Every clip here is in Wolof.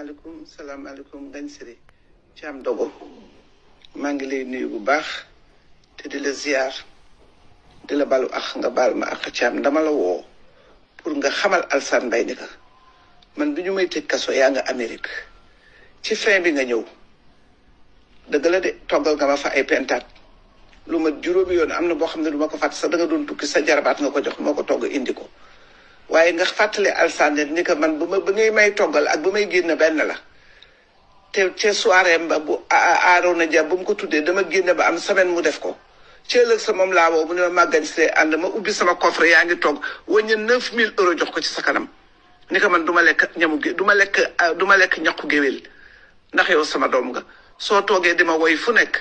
salaamaaleykum salaamaaleykum Ngagne Séré Thiam Dogo maa ngi lay nuyu bu baax te di la ziar di la balu nga baal ma ax Thiam dama la woo pour nga xamal Alassane mbay ni ka man bi ñu may tëj kaso yaa nga Amérique ci fin bi nga ñëw dëgg la de toggal nga ma fa ay pentaat lu ma juróomi yoon am na boo xam ne du ma ko fàtte sax da nga doon tukki sa jarabaat nga ko jox moo ko togg indi ko waaye nga fàttali alsane ni que man ba ma ba ngay may toggal ak bu may génn benn la te cee soirée ba bu aaroon a ja bu mu ko tuddee dama génn ba am semaine mu def ko ci ëllëg sa moom laa woo mu ne ma màggañ si ànd ma ubbi sama coffre yaa ngi toog wàññi neuf mill euros jox ko ci sa kanam ni que man duma ma lekk ñamu gé du ma lekk du lekk ñaqu géwél ndax yow sama doom nga soo toogee di ma woy fu nekk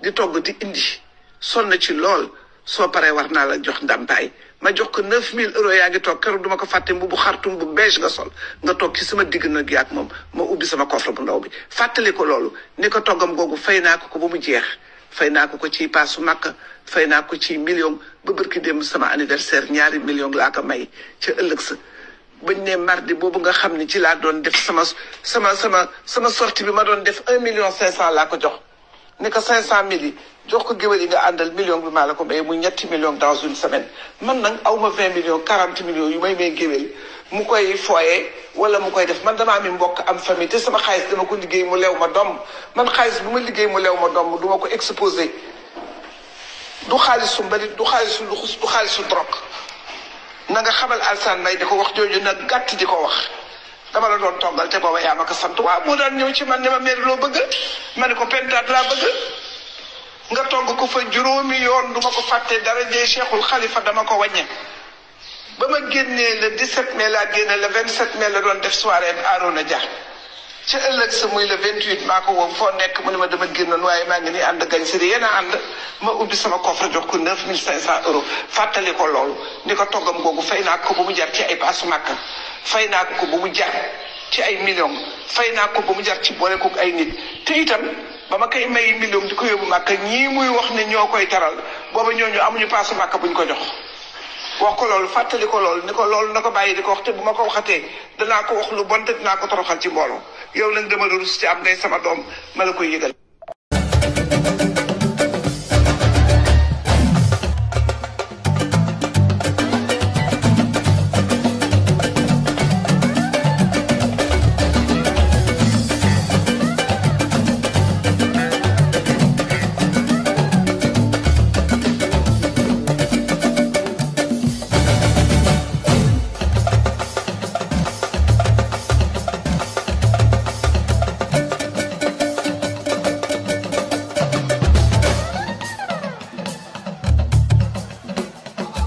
di togg di indi sonn ci lool soo paree war naa la jox ndàmpaay ma jox ko 9000 euros yaa ngi toog keroog duma ko fàtte mbubu xartum bu beige nga sol nga toog ci sama digg nag yaag moom ma ubbi sama coffre bu ndaw bi fàttali ko loolu ni ko toggam googu fay naa ko ko ba mu jeex fay naa ko ko ci su Makka fay naa ko ci million ba bërki dem sama anniversaire ñaari million laa ko may ci ëllëg sa bañ ne mardi boobu nga xam ni ci laa doon def sama sama sama sama sortie bi ma doon def un million cent laa ko jox ni ko cinq cent mille jox ko géwél yi nga àndal million bi maa la ko béy mu ñetti million dans une semaine man nag aw ma vingt millions quarante millions yu may may géwél mu koy foyee wala mu koy def man damaa mi mbokk am famille te sama xaalis dama ko liggéey mu lew ma doom man xaalis bu ma liggéey mu lew ma doom du ma ko exposé du xaalisu mbalit du xaalisu luxus du xaalisu drog na nga xamal alsaan may di ko wax jooju nag gàtt di ko wax dama la doon toggal te booba yaa ma ko sant waaw mu daan ñëw ci man ne ma mère loo bëgg ma ne ko pentaat laa bëgg nga togg ko fa juróomi yoon du ma ko fàtte dara jee cheikhul xalifa dama ko wàññe ba ma génnee le 17 mai laa génne le 27 mai la doon def soirée Arouna Dia ca ëllëg sa muy vingt 28 maa ko woo foo nekk mu ne ma dama génnoon waaye maa ngi nii ànd gañ sëri yéen a ànd ma ubbi sama coffre jox ko 9500 euros fàttali ko loolu ni ko toggam googu fay naa ko ba mu ci ay paasu màkka fay naa ko ko ba mu jar ci ay million fay naa ko ba mu jar ci boole ko ay nit te itam ba ma koy may million di ko yóbbu màkka ñii muy wax ne ñoo koy taral booba ñooñu amuñu paase màkka bu ñu ko jox wax ko loolu fàttali ko lool ni ko lool na ko bàyyi di ko wax te bu ma ko waxatee danaa ko wax lu bon te dinaa ko toroxal ci mbooloo yow nañ dama doon ci am ngay sama doom ma la koy yëgal